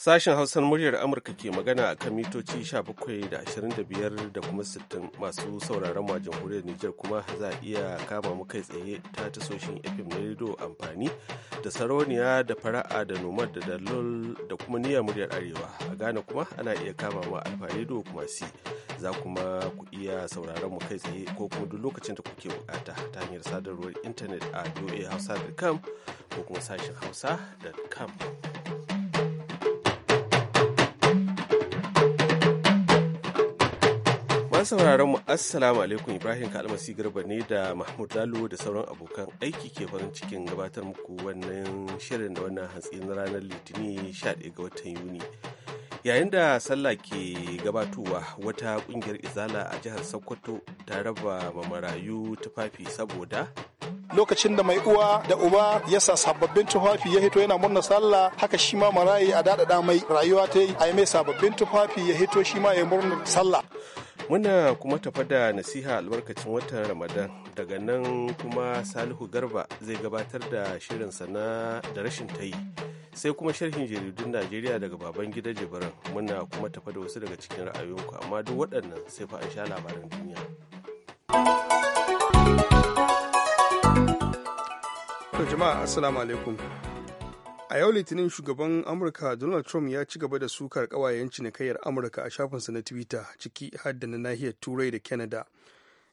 Sashen Hausar muryar Amurka ke magana a kan mitoci 17 da 25 da kuma 60 masu sauraron mu a jamhuriyar Nijar kuma za a iya kama mu kai tsaye ta tasoshin FM na rido amfani da sarauniya da fara'a da noma da dalol da kuma niyyar muryar Arewa. A Ghana kuma ana iya kama ma alfa rediyo kuma si za kuma ku iya sauraron mu kai tsaye ko kuma duk lokacin da kuke bukata ta hanyar sadarwar intanet a voahausa.com ko kuma sashen hausa.com. Masu sauraron mu Assalamu alaikum Ibrahim Kalmasi Garba ne da Mahmud Lalo da sauran abokan aiki ke farin cikin gabatar muku wannan shirin da wannan hantsi na ranar Litinin 11 ga watan Yuni. Yayin da sallah ke gabatowa wata kungiyar Izala a jihar Sokoto ta raba ma marayu tufafi saboda lokacin da mai uwa da uba ya sa sababbin tufafi ya hito yana murna sallah haka shi ma marayi a daɗaɗa mai rayuwa ta yi a mai sababbin tufafi ya hito shi ma ya murna sallah muna kuma tafa da nasiha albarkacin watan ramadan daga nan kuma salihu garba zai gabatar da shirin sana da rashin tayi sai kuma sharhin jaridun najeriya daga baban gidan jibiran muna kuma tafa da wasu daga cikin ra'ayoyinku amma duk waɗannan sai fa an sha labaran duniya jama'a assalamu alaikum a yau litinin shugaban amurka donald trump ya ci gaba da sukar kawayen cinikayyar amurka a shafinsa na twitter ciki har da na nahiyar turai da canada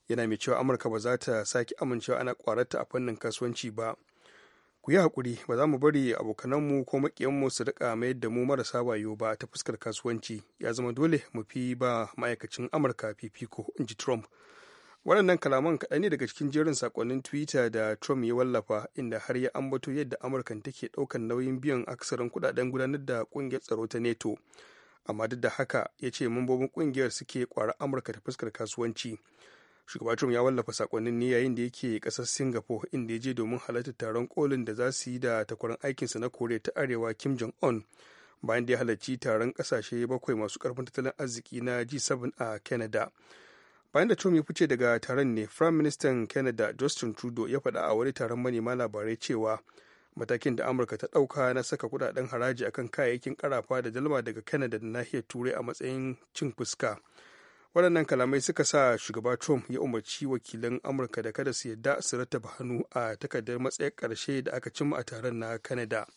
yana mai cewa amurka ba za ta sake amincewa ana kwararta a fannin kasuwanci ba ku yi hakuri ba za mu bari abokananmu ko maƙiyanmu su rika mayar da mu marasa wayo ba ta fuskar kasuwanci ya zama dole mu fi ba ma'aikacin amurka fifiko in ji trump waɗannan kalaman kaɗan ne daga cikin jerin sakonnin twitter da trump ya wallafa inda har ya ambato yadda amurka take ɗaukan nauyin biyan aksarin kuɗaɗen gudanar da ƙungiyar tsaro ta neto amma duk da haka ya ce mambobin ƙungiyar suke ƙwara amurka ta fuskar kasuwanci shugaba trump ya wallafa sakonnin ne yayin da yake ƙasar singapore inda ya je domin halartar taron kolin da za su yi da takwarar aikinsa na koriya ta arewa kim jong un bayan da ya halarci taron ƙasashe bakwai masu ƙarfin tattalin arziki na g7 a canada bayan da trump ya fice daga taron ne prime minister canada justin trudeau ya faɗa a wani taron manema labarai cewa matakin da amurka ta ɗauka na saka kudaden haraji akan kayayyakin karafa da dalma daga canada da nahiyar turai a matsayin cin fuska waɗannan kalamai suka sa shugaba trump ya umarci wakilan amurka da kada su yarda su rattaba hannu a takardar matsayar karshe da aka cimma a taron na canada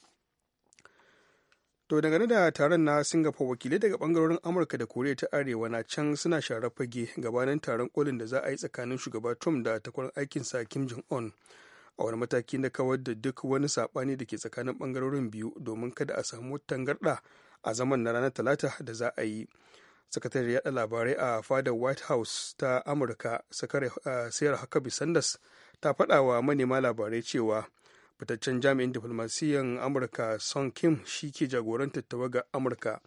to dangane da taron na singapore wakilai daga bangarorin amurka da koriya ta arewa na can suna share fage gabanin taron kolin da za a yi tsakanin shugaba trump da takwarar aikinsa kim jong un a wani mataki na kawar da duk wani saɓani da ke tsakanin bangarorin biyu domin kada a samu tangarɗa a zaman na ranar talata da za a yi sakatare yaɗa labarai a fadar white house ta amurka sayar eh, huckabee sanders ta faɗa wa manema labarai cewa fitaccen jami'in diflomasiyyar amurka son kim shi ke jagorantar ga amurka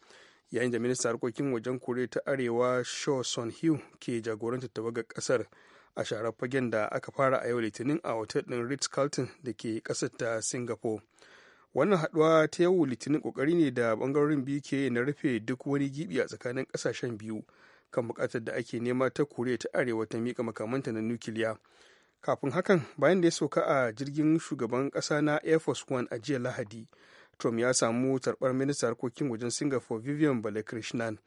yayin da minista harkokin wajen koriya ta arewa shaw son hugh ke jagorantar ga kasar a sharar fagen da aka fara a yau litinin a otal din ritz carlton da ke kasar ta singapore wannan haɗuwa ta yau litinin kokari ne da ɓangarorin biyu ke na rufe duk wani gibi a tsakanin ƙasashen biyu kan bukatar da ake nema ta koriya ta arewa ta mika makamanta na nukiliya kafin hakan bayan da ya soka a jirgin shugaban kasa na air force one a jiya lahadi trump ya samu tarbar ministan harkokin wajen singapore vivian balakrishnan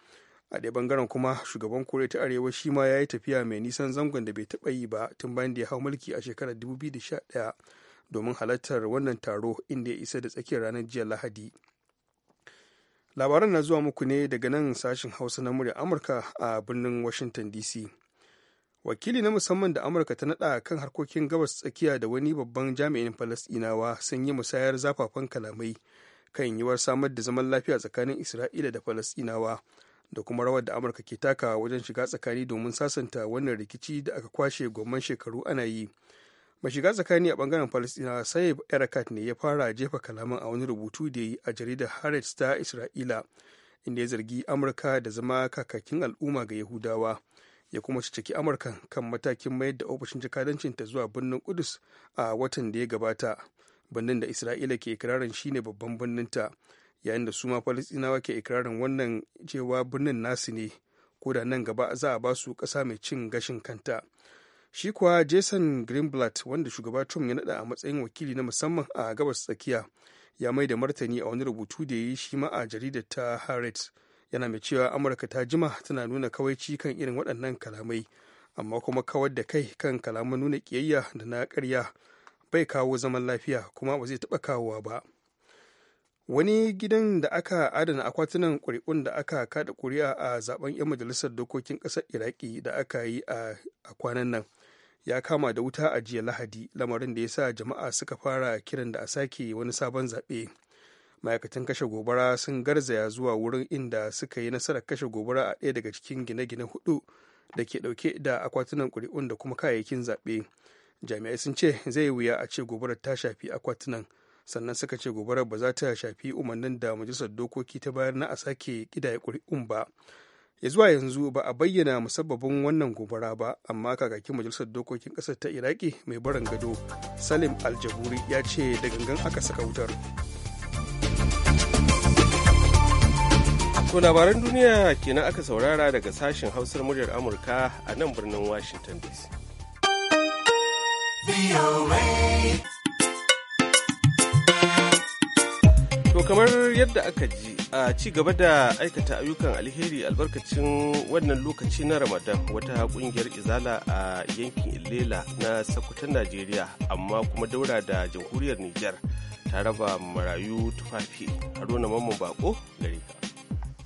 a ɗaya bangaren kuma shugaban koriya ta arewa shi ma ya yi tafiya mai nisan zangon da bai taɓa yi ba tun bayan da ya hau mulki a shekarar 2011 domin halartar wannan taro inda ya isa da tsakiyar ranar jiya lahadi labaran na zuwa muku ne daga nan sashen hausa na murya amurka a birnin washington dc wakili na musamman da amurka ta nada kan harkokin gabas tsakiya da wani babban jami'in falasdinawa sun yi musayar zafafan kalamai kan yiwuwar samar da zaman lafiya tsakanin isra'ila da falasdinawa da kuma rawar da amurka ke taka wajen shiga tsakani domin sasanta wannan rikici da aka kwashe gwamman shekaru ana yi mai shiga tsakani a bangaren falasdinawa sai erakat ne ya fara jefa kalaman a wani rubutu da yi a jaridar harris ta isra'ila inda ya zargi amurka da zama kakakin al'umma ga yahudawa ya kuma ciki amurka kan matakin mayar da ofishin jakadancinta zuwa birnin kudus a watan da ya gabata birnin da isra'ila ke ikirarin shine babban birninta yayin da suma ma falistinawa ke ikirarin wannan cewa birnin nasu ne ko da nan gaba za a basu kasa mai cin gashin kanta shi kuwa jason greenblatt wanda shugaba trump ya nada a matsayin wakili na musamman a gabas tsakiya ya mai da martani a wani rubutu da ya yi shi ma a jaridar ta harrods yana mai cewa amurka ta jima tana nuna kawaici kan irin waɗannan kalamai amma kuma kawar da kai kan kalaman nuna ƙiyayya da na ƙarya bai kawo zaman lafiya kuma ba zai taɓa kawowa ba wani gidan da aka adana akwatunan ƙuri'un da aka kada ƙuri'a a zaben 'yan majalisar dokokin ƙasar iraki da aka yi a kwanan nan ya kama da wuta a jiya lahadi lamarin da ya sa jama'a suka fara kiran da a sake wani sabon zaɓe ma'aikatan kashe gobara sun garzaya zuwa wurin inda suka yi nasarar kashe gobara a ɗaya daga cikin gine-gine hudu da ke ɗauke da akwatunan ƙuri'un da kuma kayayyakin zaɓe jami'ai sun ce zai wuya a ce gobarar ta shafi akwatunan sannan suka ce gobarar ba za ta shafi umarnin da majalisar dokoki ta bayar na a sake ƙidaya ƙuri'un ba ya zuwa yanzu ba a bayyana musabbabin wannan gobara ba amma kakakin majalisar dokokin ƙasar ta iraki mai barin gado salim aljaburi ya ce da gangan aka saka wutar To labaran duniya kenan aka saurara daga sashen hausar muryar Amurka a nan birnin Washington DC. To kamar yadda aka ji a ci gaba da aikata ayyukan alheri albarkacin wannan lokaci na Ramadan wata kungiyar izala a yankin Ilela na Sokoton Najeriya amma kuma daura da jamhuriyar Nijar ta raba marayu tufafi Haruna Mamman Bako gari. ka.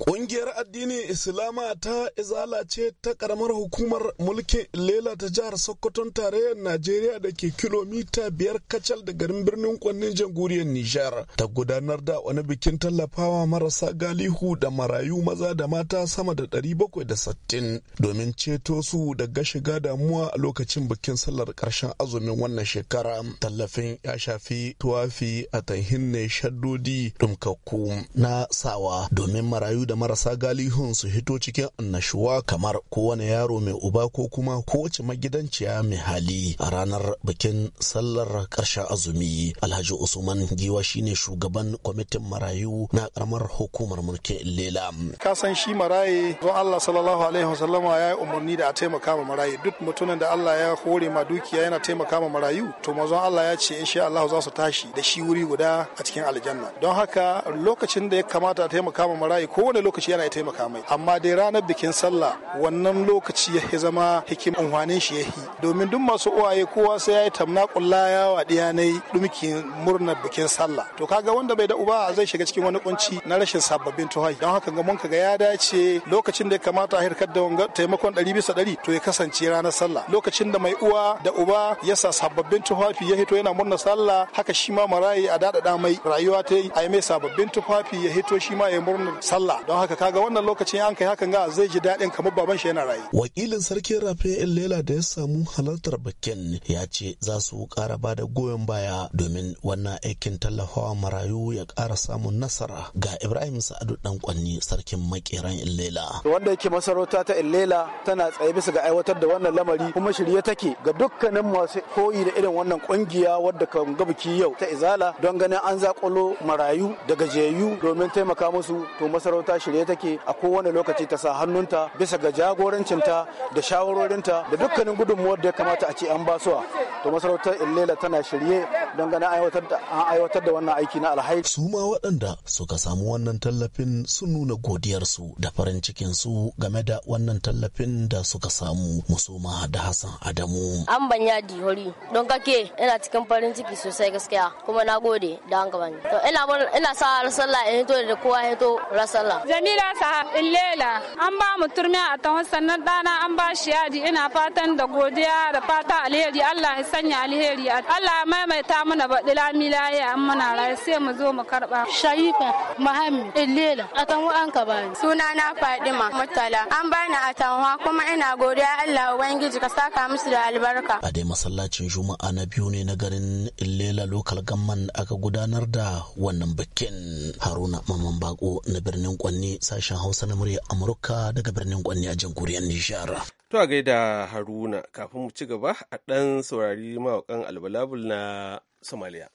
Ƙungiyar addinin Islama ta Izala ce ta ƙaramar hukumar mulkin Lela ta jihar Sokoton tarayyar Najeriya da ke kilomita biyar kacal da garin birnin kwannin jamhuriyar Nijar ta gudanar da wani bikin tallafawa marasa galihu da marayu maza da mata sama da ɗari bakwai da sittin domin ceto su daga shiga damuwa a lokacin bikin sallar ƙarshen azumin wannan shekara. Tallafin ya shafi tuwafi a tahin ne shaddodi dumkakku na sawa domin marayu da marasa galihun su hito cikin annashuwa kamar kowane yaro mai uba ko kuma kowace magidanciya mai hali a ranar bikin sallar ƙarshen azumi alhaji usman giwa shine shugaban kwamitin marayu na karamar hukumar mulkin lela ka san shi maraye don allah sallallahu alaihi wasallama ya yi umarni da a taimaka ma maraye duk mutumin da allah ya hore ma dukiya yana taimaka ma marayu to zan allah ya ce insha allah za su tashi da shi wuri guda a cikin aljanna don haka lokacin da ya kamata a taimaka ma marayu kowane wanga lokaci yana taimaka mai amma dai ranar bikin sallah wannan lokaci ya zama hikim amfanin shi yahi domin duk masu uwaye kowa sai ya yi tamna kulla ya wa yi dumkin murnar bikin sallah to kaga wanda bai da uba zai shiga cikin wani kunci na rashin sababbin tuhai don haka ga mun kaga ya dace lokacin da ya kamata a hirkar da wanga taimakon ɗari bisa ɗari to ya kasance ranar sallah lokacin da mai uwa da uba ya sa sababbin tufafi ya hito yana murnar sallah haka shi ma marayi a daɗaɗa mai rayuwa ta yi a yi mai sababbin tufafi ya hito shi ma ya murnar sallah don haka kaga wannan lokacin an kai hakan ga zai ji daɗin kamar baban shi yana rayu wakilin sarkin rafe lela da ya samu halartar bikin ya ce za su ƙara ba da goyon baya domin wannan aikin tallafawa marayu ya kara samun nasara ga ibrahim sa'adu dan kwanni sarkin makeran illela wanda yake masarauta ta illela tana tsaye bisa ga aiwatar da wannan lamari kuma shirye take ga dukkanin masu koyi da irin wannan kungiya wadda kan gabaki yau ta izala don ganin an zakulo marayu da jeyu domin taimaka musu to masarauta ta shirye take a kowane lokaci ta sa hannunta bisa ga jagorancinta da shawarorinta da dukkanin gudunmuwar da ya kamata a ce an ba su to masarautar illela tana shirye don ganin aiwatar da wannan aiki na alhaji su ma waɗanda suka samu wannan tallafin sun nuna godiyarsu da farin cikin su game da wannan tallafin da suka samu musoma da hassan adamu an banya dihori don kake ina cikin farin ciki sosai gaskiya kuma na gode da an gabani to ina sa sallah in hito da kowa hito rasallah Jamila Sahab lela an ba mu turmi a ta sannan ɗana an ba shi yaji ina fatan da godiya da fata alheri Allah ya sanya alheri Allah ya maimaita mana baɗi lamila ya an muna rai sai mu zo mu karɓa. Shaifa Muhammad lela a tahon an ka bani. Suna na Fadima Murtala an bani a wa kuma ina godiya Allah Ubangiji ka saka musu da albarka. A dai masallacin Juma'a na biyu ne na garin Ilela lokal gamman aka gudanar da wannan bikin Haruna Maman Bako na birnin Kwai. Gwanni sashen Hausa na murya Amurka daga birnin Gwanni a jamhuriyar Nishar. To a gaida Haruna kafin mu ci gaba a ɗan saurari mawakan albalabul na Somalia.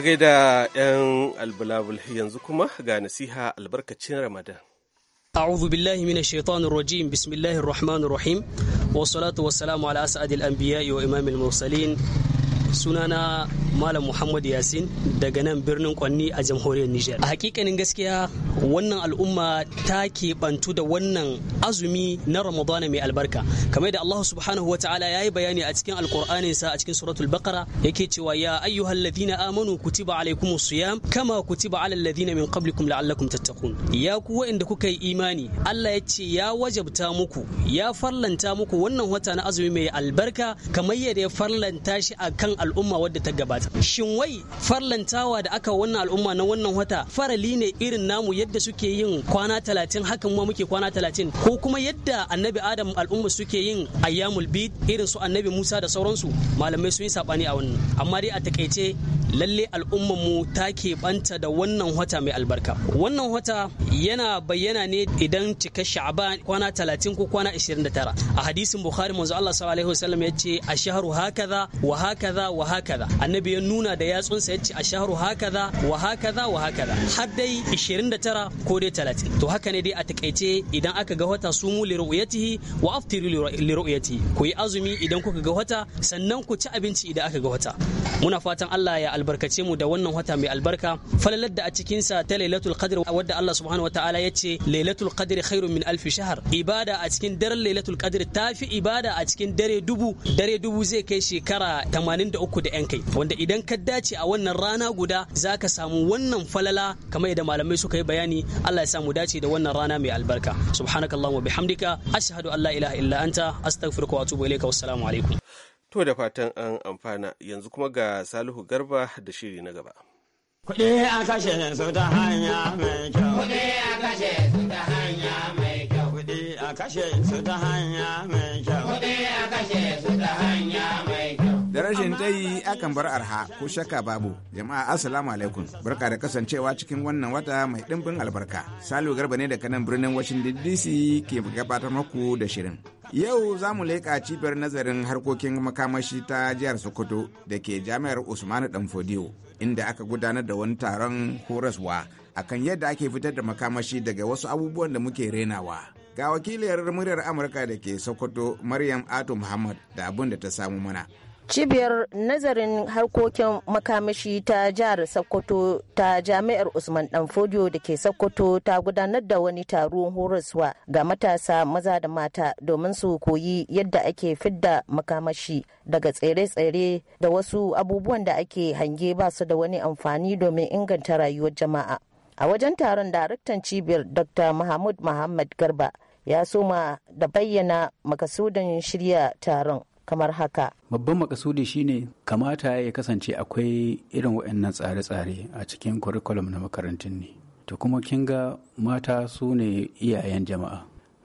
a gaida 'yan albulabul yanzu kuma ga nasiha albarkacin Ramadan. أعوذ بالله من الشيطان الرجيم بسم الله الرحمن الرحيم والصلاة والسلام على أسعد الأنبياء وإمام المرسلين sunana malam muhammad yasin daga nan birnin kwanni a jamhuriyar niger a hakikanin gaskiya wannan al'umma ta keɓantu da wannan azumi na ramadana mai albarka kamar da allah subhanahu wa ta'ala ya yi bayani a cikin alkur'anin sa a cikin suratul baqara yake cewa ya ayyuhal ladina amanu kutiba alaikum siyam kama kutiba alal ladina min qablikum la'allakum tattaqun ya ku wa'anda kuka yi imani allah ya ce ya wajabta muku ya farlanta muku wannan wata na azumi mai albarka kamar yadda ya farlanta shi akan al'umma wadda ta gabata shin wai farlantawa da aka wannan al'umma na wannan wata farali ne irin namu yadda suke yin kwana talatin hakan ma muke kwana talatin ko kuma yadda annabi adam al'umma suke yin ayyamul bid irin su annabi musa da sauransu malamai sun yi sabani a wannan amma dai a takaice lalle al'ummar mu ta banta da wannan wata mai albarka wannan wata yana bayyana ne idan cika sha'ban kwana talatin ko kwana 29 a hadisin bukhari manzo Allah sallallahu alaihi wasallam yace ashharu hakaza wa hakaza hakaza wa annabi ya nuna da yatsunsa ce a shahru hakaza wa hakaza wa hakaza har dai 29 ko dai 30 to haka ne dai a takaice idan aka ga wata sumu li ru'yatihi wa aftiru li ku yi azumi idan kuka ga wata sannan ku ci abinci idan aka ga wata muna fatan Allah ya albarkace mu da wannan wata mai albarka falalar da a cikin sa ta lailatul qadr wadda Allah subhanahu wataala ce lailatul qadr khairun min alf shahr ibada a cikin daren lailatul qadr tafi ibada a cikin dare dubu dare dubu zai kai shekara da. uku da 'yan kai wanda idan ka dace a wannan rana guda za ka samu wannan falala kamar yadda malamai suka yi bayani Allah ya samu dace da wannan rana mai albarka wa bihamdika ashhadu an la ilaha illa anta astaghfiruka wa atubu ilayka wassalamu alaikum To da fatan an amfana yanzu kuma ga Salihu Garba da shiri na gaba. Kuɗi a kashe su ta hanya mai kyau. Kuɗi a kashe su ta hanya mai kyau. Kuɗi a kashe su ta hanya mai rashin tayi akan bar arha ko shakka babu. Jama'a assalamu alaikum. Barka da kasancewa cikin wannan wata mai dimbin albarka. Salu Garba ne daga nan birnin Washington DC ke gabatar maku da shirin. Yau za mu leƙa cibiyar nazarin harkokin makamashi ta jihar Sokoto da ke jami'ar Usmanu Danfodiyo inda aka gudanar da wani taron horaswa akan yadda ake fitar da makamashi daga wasu abubuwan da muke renawa. Ga wakiliyar muryar Amurka da ke Sokoto Maryam Atu Muhammad da abin da ta samu mana. Cibiyar nazarin harkokin makamashi ta jihar Sokoto ta jami'ar Usman Danfodiyo da ke Sokoto ta gudanar da wani taron horaswa ga matasa maza da mata domin su koyi yadda ake fidda makamashi daga tsere-tsere da wasu abubuwan da ake hange ba su da wani amfani domin inganta rayuwar jama'a. A wajen taron daraktan cibiyar Dr. Mahmud Muhammad Garba ya soma da bayyana makasudin shirya taron. kamar haka. Babban makasudi shine kamata ya kasance akwai irin waɗannan tsare-tsare a cikin curriculum na makarantun ne. To kuma kin ga mata su ne iyayen jama'a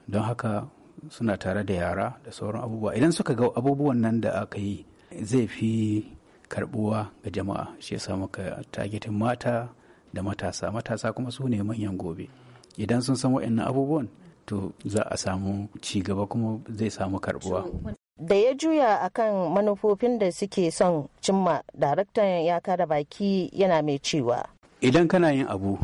don haka suna tare da yara da sauran abubuwa idan suka ga abubuwan nan da aka yi zai fi karbuwa ga jama'a shi yasa muka targetin mata da matasa matasa kuma su ne manyan gobe idan sun san waɗannan abubuwan to za a samu ci gaba kuma zai samu karbuwa da ya juya akan manufofin da suke son cimma daraktan ya kada baki yana mai cewa idan kana yin abu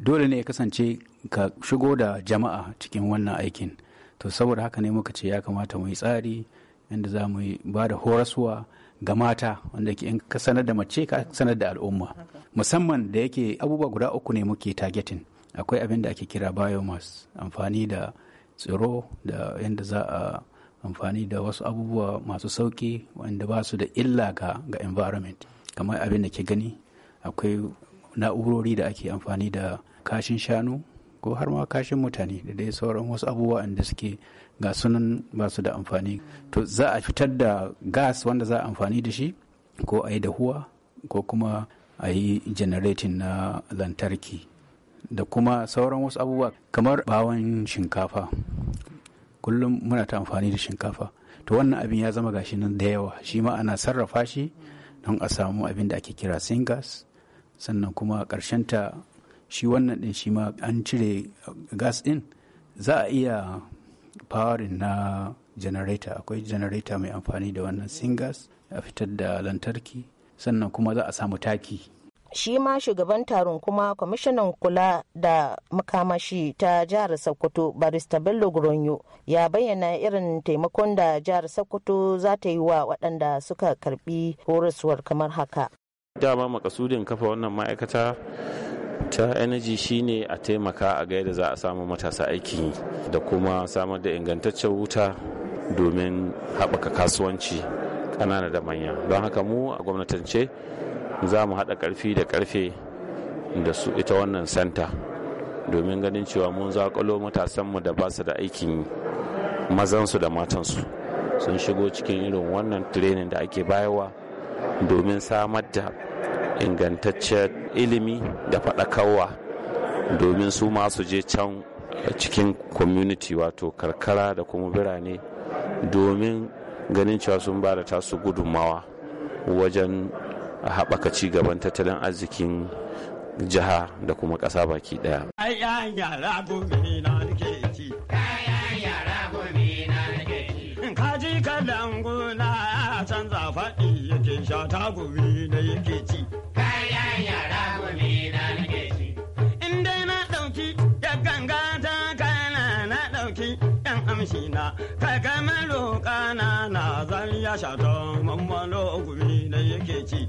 dole ne ya kasance ka shigo da jama'a cikin wannan aikin to saboda haka ne muka ce ya kamata mu yi tsari inda za mu ba da horaswa ga mata wanda ke in ka sanar da mace ka sanar da al'umma musamman da yake abubuwa guda uku ne muke targeting akwai abin da ake kira biomass amfani da tsiro da yadda za a amfani da wasu abubuwa masu sauki wanda ba su da illa ga ga environment kamar abin da ke gani akwai na'urori da ake amfani da kashin shanu ko har ma kashin mutane da dai sauran wasu abubuwa da suke ga sunan ba su da amfani to za a fitar da gas wanda za a amfani da shi ko a yi dahuwa ko kuma a yi generating na lantarki da kuma sauran wasu abubuwa kamar bawon shinkafa kullum muna ta amfani da shinkafa to wannan abin ya zama gashi nan da yawa shi ma ana sarrafa shi don a samu abin da ake kira singas sannan kuma ta shi wannan din shi ma an cire gas ɗin. za a iya fawarin na janareta akwai janareta mai amfani da wannan singas a fitar da lantarki sannan kuma za a samu taki shi ma shugaban taron kuma kwamishinan kula da makamashi ta jihar sokoto barista bello gronyo ya bayyana irin taimakon da jihar sokoto za ta yi wa waɗanda suka karbi horaswar kamar haka dama makasudin kafa wannan ma'aikata ta energy shine a taimaka a gaida za a samu matasa aiki da kuma samar da ingantaccen wuta domin haɓaka kasuwanci ƙanana da manya don haka mu a gwamnatance za mu haɗa ƙarfi da ƙarfe da su ita wannan santa domin ganin cewa mun zaƙalo matasanmu da ba su da aikin mazansu da matansu sun shigo cikin irin wannan training da ake bayarwa domin samar da ingantaccen ilimi da faɗakarwa domin su masu je can cikin community wato karkara da kuma birane domin ganin cewa sun ba da tasu gudunmawa wajen a haɓaka ci gaban tattalin arzikin jiha da kuma ƙasa baki ɗaya. Kaji kalan guna ya canza faɗi yake sha gumi da yake ci. Kayan yara gumi na nake ci. In dai na ɗauki ya ganga ta kana na ɗauki yan amshi na kaga maro na zan ya sha ta mammalo gumi yake ci.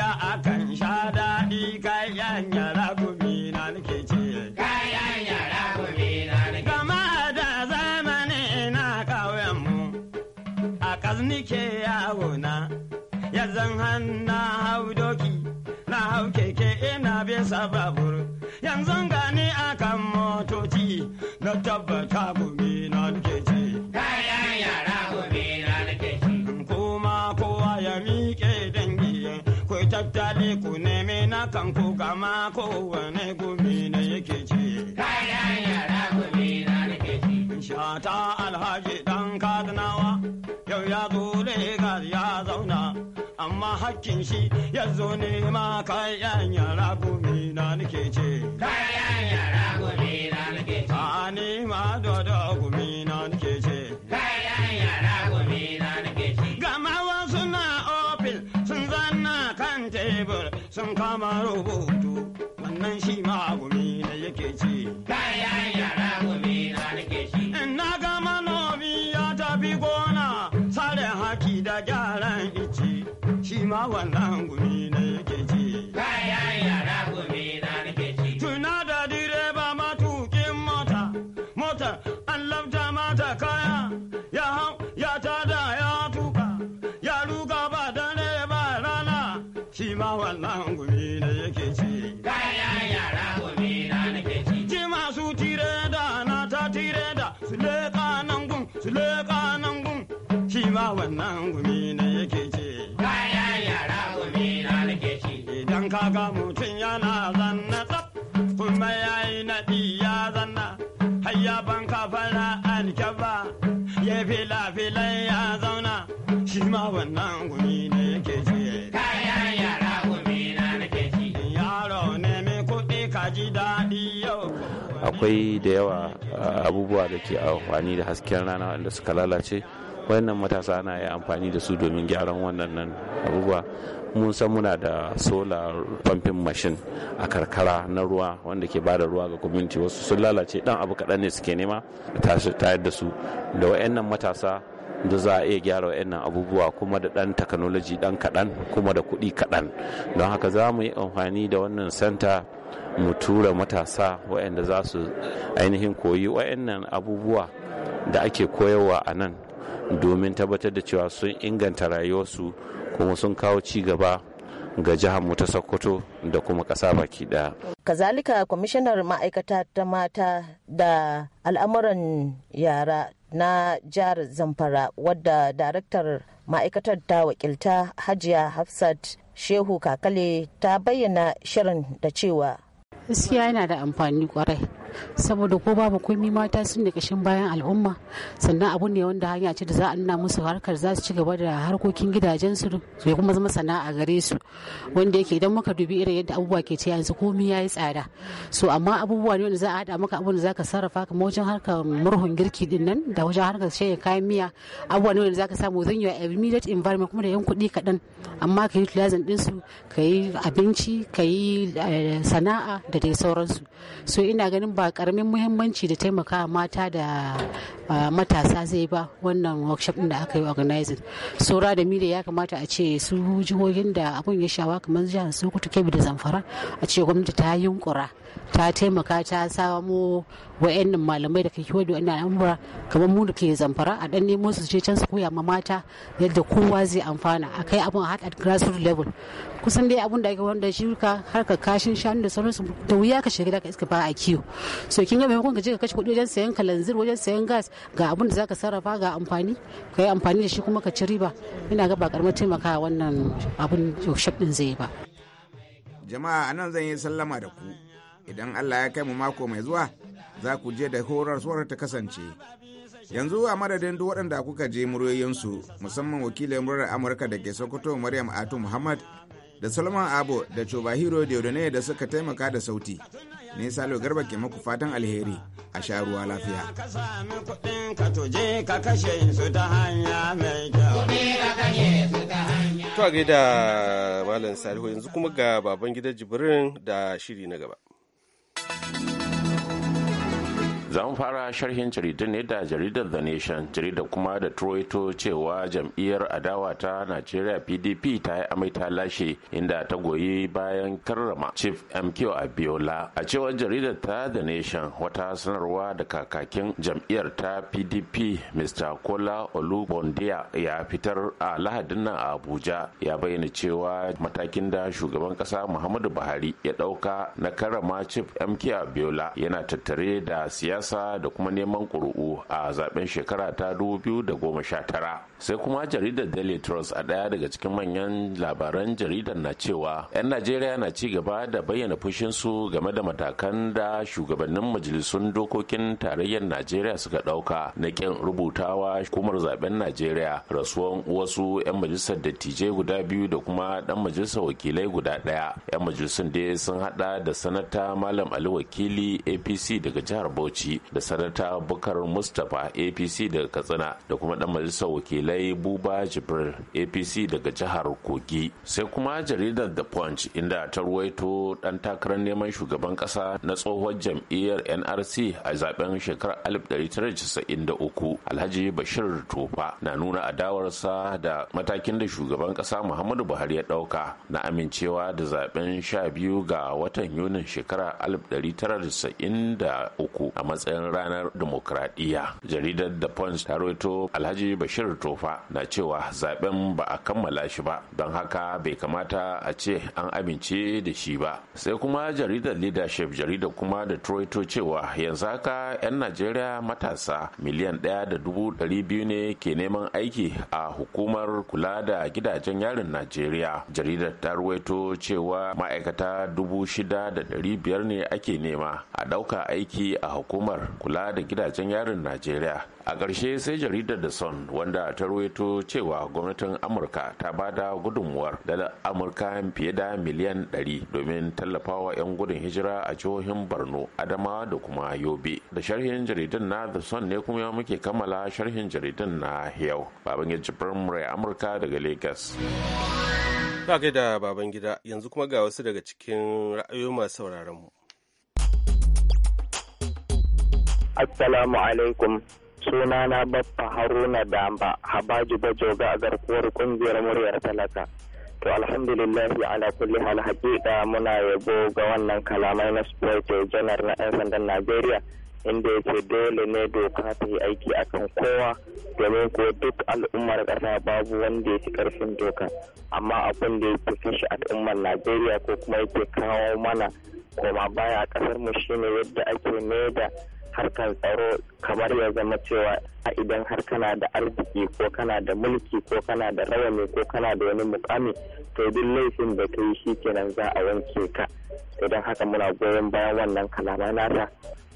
ya akan sha daɗi kayan yara gumi na nake ce. Kayan yara gumi na nake. Kama da zamani na mu a kaznike yawo na yanzan hannu hau doki na hau keke ina bisa babur yanzan kan ko kama ko wane gumi na yake ce. Kayan yara gumi na nake ce. Shata alhaji dan kadanawa yau ya zo Legas ya zauna amma hakkin shi ya zo nema kayan yara gumi na nake ce. Kayan yara gumi na nake ce. A nema dodo gumi na ma rubutu wannan shi ma gumi na yake ci. Bayan yara gumi na nake ci. Na ga manomi ya tafi gona sare haki da gyaran ici shi ma wannan nan gumi na yake ce. Kaya yara gumi na nake ci. Idan kaga mutum yana zanna tsaf kuma yayi naɗi ya zanna. Hayya ban kafara ba. ya fila fila ya zauna shi ma wannan gumi na yake ce. Kaya yara gumi na nake ci. Yaro ne mai kuɗi ka ji daɗi yau. akwai da yawa abubuwa da ke amfani da hasken rana wanda suka lalace wayannan matasa ana yi amfani da su domin gyaran wannan nan abubuwa mun san muna da solar pumping machine a karkara na ruwa wanda ke bada ruwa ga gwamnati wasu sun lalace dan abu kaɗan ne suke nema tashi tayar da su da wayannan matasa da za a iya gyara wayannan abubuwa kuma da dan technology dan kaɗan kuma da kuɗi kaɗan don haka za mu yi amfani da wannan center mu tura matasa waɗanda za su ainihin koyi wayannan abubuwa da ake koyarwa a nan domin tabbatar da cewa sun inganta rayuwarsu kuma sun kawo ci gaba ga jihar mu ta sokoto da kuma ƙasa baki ɗaya. kazalika kwamishinar ma'aikata ta mata da al'amuran yara na jihar zamfara wadda daraktar ma'aikatar ta wakilta hajiya hafsat shehu kakale ta bayyana shirin da cewa gaskiya yana da amfani kwarai saboda ko babu komi mata sun da kashin bayan al'umma sannan abu ne wanda hanya ce da za a nuna musu harkar za su ci gaba da harkokin gidajen su ya kuma zama sana'a gare su wanda yake idan muka dubi irin yadda abubuwa ke ce yanzu komi yi tsada so amma abubuwa ne wanda za a hada maka abun da zaka sarrafa kamar wajen harkar murhun girki din nan da wajen harkar shaya kayan miya abubuwa ne wanda zaka samu zan yi a immediate environment kuma da yan kuɗi kaɗan amma ka yi utilizing ɗinsu ka yi abinci ka yi eh, sana'a da dai sauransu so ina ganin ba karamin muhimmanci da taimaka mata da matasa zai ba wannan workshop din da aka yi organizing saura da media ya kamata a ce su jihohin da abun ya shawa kamar jihar sokoto kebbi da zamfara a ce gwamnati ta yunkura ta taimaka ta samo wa'annan malamai da kake wadda wannan al'amura kamar mu da ke zamfara a dan nemo su je can su koya ma mata yadda kowa zai amfana a kai abun a grassroots level kusan dai abun da ake wanda shi ka harkar kashin shanu da sauransu da wuya ka shiga da ka iska ba a kiwo so kin ga maimakon je ka kashe kuɗi wajen sayan kalanzir wajen sayan gas ga abin da zaka sarrafa ga amfani ka yi amfani da shi kuma ka ci riba ina ga ba karamar taimaka wannan abin shop din zai ba jama'a anan zan yi sallama da ku idan Allah ya kai mu mako mai zuwa za ku je da horar suwar ta kasance yanzu a madadin duk waɗanda kuka je muryoyinsu musamman wakilin murar amurka da ke sokoto maryam atu muhammad da solomon abu da chobahiro diodone da suka taimaka da sauti ne salo garba ke muku fatan alheri a sha ruwa lafiya to a gaida malam salihu yanzu kuma ga baban gidan jibrin da shiri na gaba za mu fara sharhin jaridar ne da jaridar the nation jaridar kuma da troito cewa jam'iyyar adawa ta najeriya pdp ta yi amai ta lashe inda ta goyi bayan karrama chief mq abiola a cewar jaridar ta the nation wata sanarwa da kakakin jam'iyyar ta pdp mr kola olubondia ya fitar a lahadin nan a abuja ya bayyana cewa matakin da shugaban kasa muhammadu buhari ya dauka na karrama chief mq abiola yana tattare da siyasa siyasa da kuma neman ƙuri'u a zaben shekara ta 2019 sai kuma jaridar daily trust a ɗaya daga cikin manyan labaran jaridar na cewa 'yan najeriya na ci gaba da bayyana fushinsu game da matakan da shugabannin majalisun dokokin tarayyar najeriya suka ɗauka na ƙin rubutawa hukumar zaben najeriya rasuwan wasu 'yan majalisar dattijai guda biyu da kuma ɗan majalisar wakilai guda ɗaya 'yan majalisun dai sun haɗa da sanata malam ali wakili apc daga jihar bauchi da sanata bukar mustapha apc daga katsina da kuma ɗan majalisar wakilai wakilai buba jibril apc daga jihar kogi sai kuma jaridar the punch inda ta ruwaito dan takarar neman shugaban kasa na tsohon jam'iyyar nrc a zaben shekarar 1993 alhaji bashir tofa na nuna adawarsa da matakin da shugaban kasa muhammadu buhari ya dauka na amincewa da zaben sha biyu ga watan yunin shekarar 1993 a matsayin ranar demokradiyya jaridar the punch ta ruwaito alhaji bashir tofa kufa na cewa zaben ba a kammala shi ba don haka bai kamata a ce an amince da shi ba sai kuma jaridar leadership jaridar kuma da troito cewa yanzu haka 'yan najeriya matasa miliyan ɗaya da dubu ɗari biyu ne ke neman aiki a hukumar kula da gidajen yarin najeriya jaridar ta ruwaito cewa ma'aikata dubu shida da ɗari biyar ne ake nema a ɗauka aiki a hukumar kula da gidajen yarin najeriya a ƙarshe sai jaridar da son wanda ta ruwaito cewa gwamnatin amurka ta ba da gudunmuwar dala amurka fiye da miliyan 100 domin tallafawa 'yan gudun hijira a jihohin borno adama da kuma yobe da sharhin jaridar na the sun ne kuma muke kammala sharhin jaridar na yau baban yajibirin murai amurka daga lagos ta gaida baban gida yanzu kuma ga wasu daga cikin ra'ayoyi masu sauraron mu assalamu alaikum suna na baffa haruna da damba habaji bajoga a garkuwar kungiyar muryar talaka to alhamdulillah ala kulli hal haqiqa muna yabo ga wannan kalamai na sport janar na 'yan sandan najeriya inda yake dole ne doka ta yi aiki a kan kowa domin ko duk al'ummar ƙasa babu wanda ya fi ƙarfin doka amma abin da yake fi shi al'ummar najeriya ko kuma yake kawo mana koma baya a ƙasar mu shine yadda ake ne da harkar tsaro kamar ya zama cewa a idan har kana da arziki ko kana da mulki ko kana da rawani ko kana da wani mukami to duk laifin da ka yi shi kenan za a wanke ka idan haka muna goyon bayan wannan kalama nata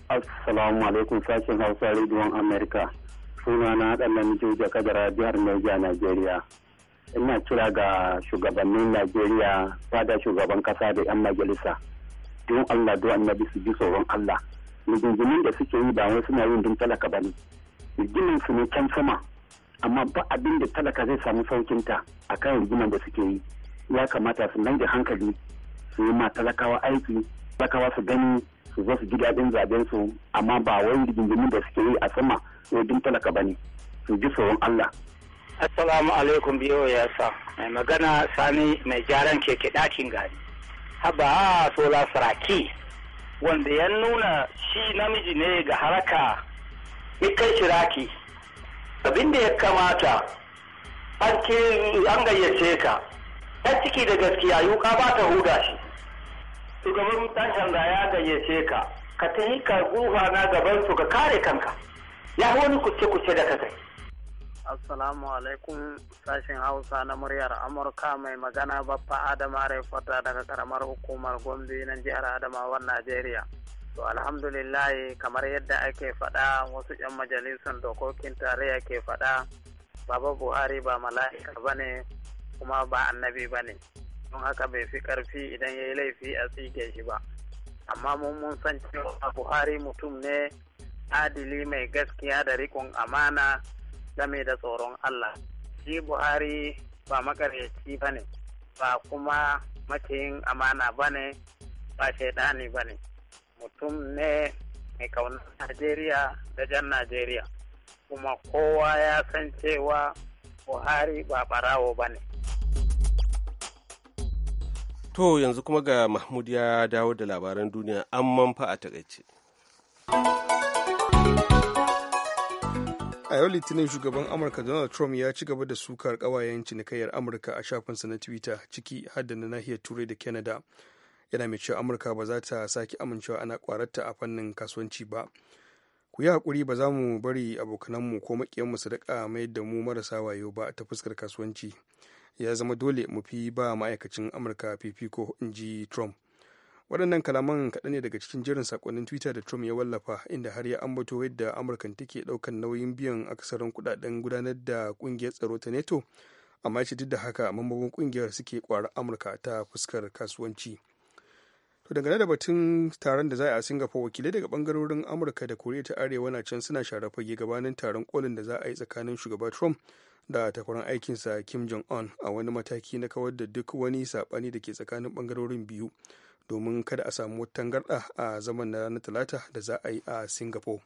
assalamu alaikum sashen hausa rediyon america suna na dan namiji da kadara jihar Niger Nigeria ina kira ga shugabannin Najeriya fada shugaban kasa da 'yan majalisa don Allah don annabi su ji tsoron Allah rigingimin da suke yi ba wai suna yin don talaka ba ne rigimin su ne can sama amma ba abin da talaka zai samu saukin ta a akan rigiman da suke yi ya kamata su nan da hankali su yi ma talakawa aiki talakawa su gani su zo su ji daɗin zaben su amma ba wai rigingimin da suke yi a sama don talaka ba ne su ji tsoron Allah. Assalamu alaikum biyo ya sa mai magana sani mai gyaran keke ɗakin gari. Haba sola saraki wanda ya nuna shi namiji ne ga haraka ya kai shiraki abin ya kamata an gayyace ka ta ciki da gaskiya yuka ba ta huda shi shugaban dan ya gayyace ka ka ta yi ka na gabansu ka kare kanka ya wani kuce-kuce da ka kai Assalamu alaikum sashen Hausa na muryar Amurka mai magana Baffa Adama Raifota daga karamar hukumar Gombe na jihar adamawa Najeriya. To alhamdulillahi kamar yadda ake faɗa wasu 'yan majalisun dokokin tarayya ke faɗa Baba Buhari ba mala'ika ba ne kuma ba annabi ba ne. Don haka bai fi ƙarfi idan ya yi laifi a tsige shi ba. Amma mun mun san cewa Buhari mutum ne adili mai gaskiya da riƙon amana game da tsoron Allah. Shi Buhari ba makaryaci ba ne, ba kuma matayin amana ba ne, ba shaidani ba ne. Mutum ne mai kaunar Najeriya da jan Najeriya. Kuma kowa ya san cewa Buhari ba barawo ba ne. To yanzu kuma ga Mahmud ya dawo da labaran duniya an manfa a takaice. a yau litinin shugaban amurka donald trump ya ci gaba da sukar kawayen cinikayyar amurka a shafinsa na twitter ciki hada na nahiyar turai da canada yana mai cewa amurka ba za ta sake amincewa ana kwararta a fannin kasuwanci ba ku yi hakuri ba za mu bari abokananmu ko makiyanmu su daƙa mai da mu marasa wayo ba ta fuskar kasuwanci ya zama dole mu fi ba ma'aikacin amurka fifiko in ji trump waɗannan kalaman kaɗan ne daga cikin jerin sakonnin twitter da trump ya wallafa inda har ya ambato yadda amurkan take ɗaukan nauyin biyan akasarin kuɗaɗen gudanar da ƙungiyar tsaro ta neto amma ce duk da haka mambobin ƙungiyar suke kwara amurka ta fuskar kasuwanci to dangane da batun taron da za a singapore wakilai daga bangarorin amurka da koriya ta arewa na can suna share fage gabanin taron kolin da za a yi tsakanin shugaba trump da takwaran aikinsa kim jong un a wani mataki na kawar da duk wani saɓani da ke tsakanin bangarorin biyu domin kada a samu tangarɗa a zaman na ranar talata da za a yi a singapore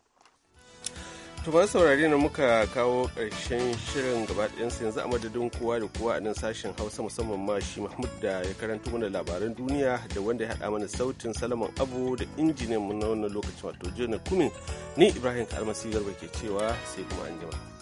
ba saurari na muka kawo ƙarshen shirin su yanzu a madadin kowa da kowa a nan sashen hausa musamman ma shi mahmud da ya karanta mana labaran duniya da wanda ya haɗa mana sautin salaman abu da injiniyan mu na wannan lokacin wato jona kumin ni ibrahim kalmasi garba ke cewa sai kuma anjima.